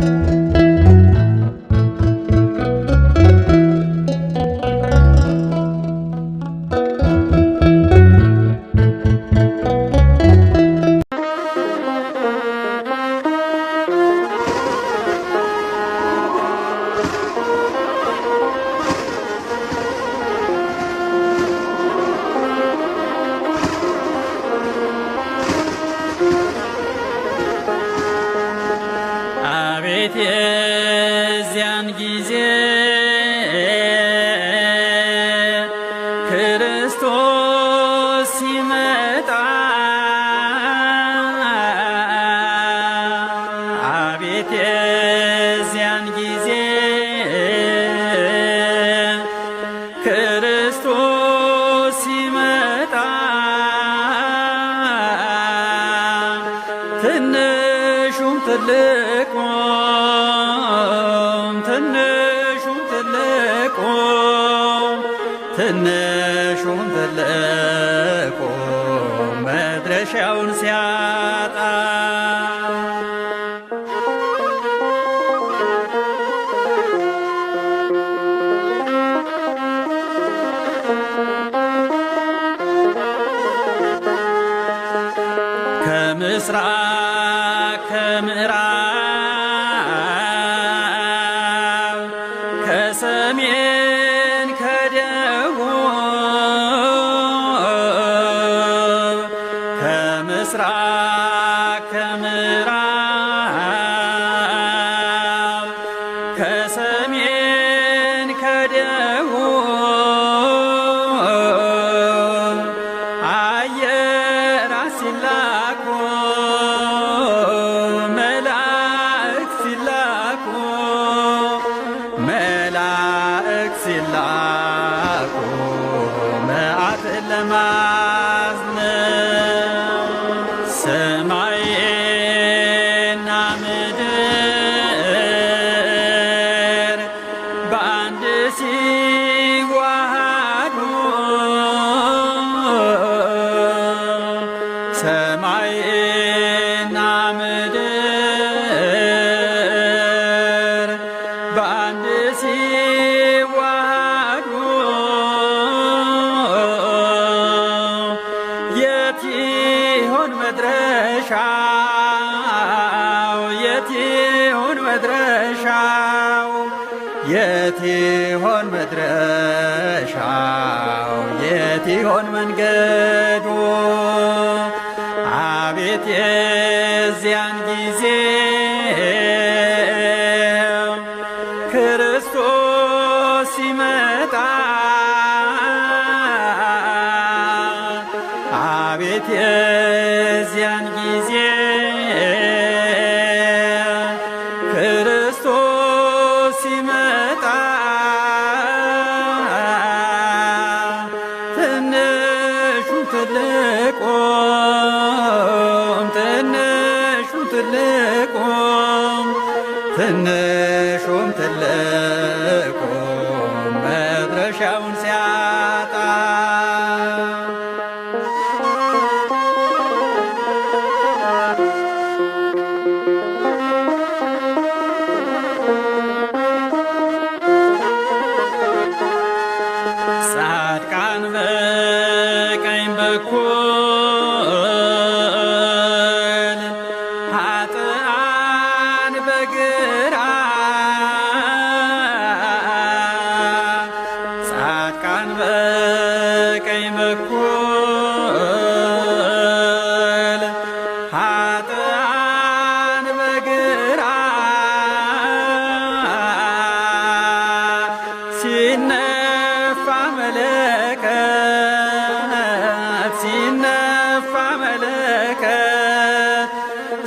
Thank you. गिजे ትንሹም ትልቁ መድረሻውን ሲያጣ ከምስራቅ ከምዕራብ सहस्रा የት መድረሻው? የት መድረሻው? የት መንገዱ መድረሻውን ጻድቃን በቀኝ በኩል ኃጥአን በግራ ሲነፋ መለከት ሲነፋ መለከት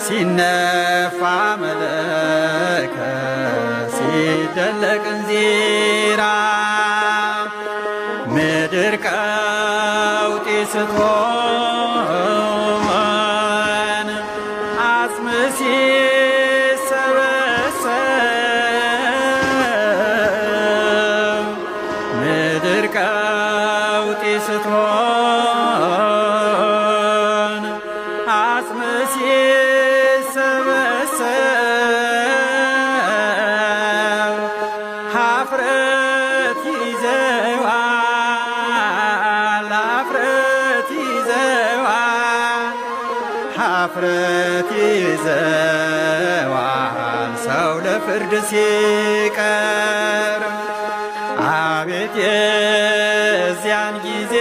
ሲነፋ መለከት ሲደለቅ እንዚራ ก้าวที่สะทอ ኀፍረት ይዘዋል ሰው ለፍርድ ሲቀርብ አቤት የዚያን ጊዜ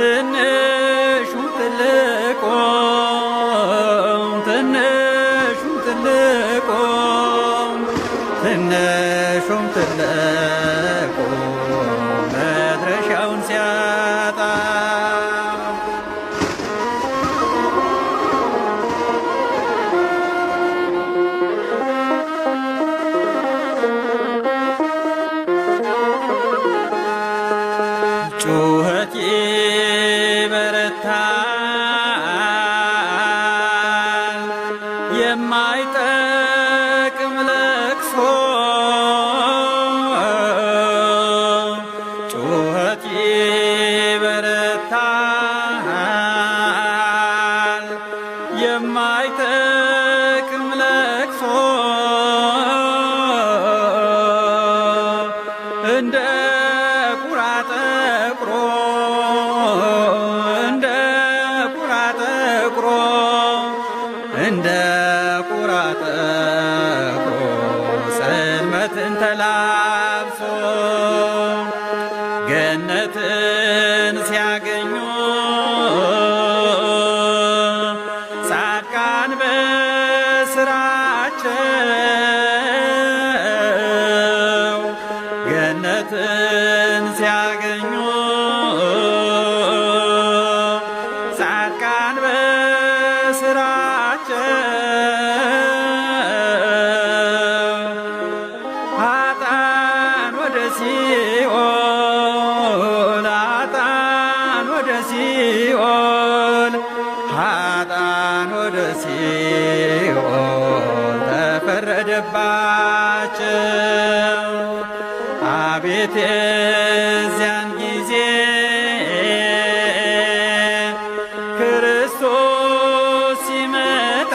ትንሹ ትልቁ ይፈታል የማይጠቅም ለቅሶ ጩኸት ይበረታል የማይጠቅም እንደ ቁራጠቆ ጽልመትን ተላ አላቸው። አቤት እዚያን ጊዜ ክርስቶስ ሲመጣ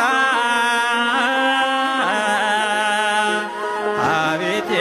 አቤት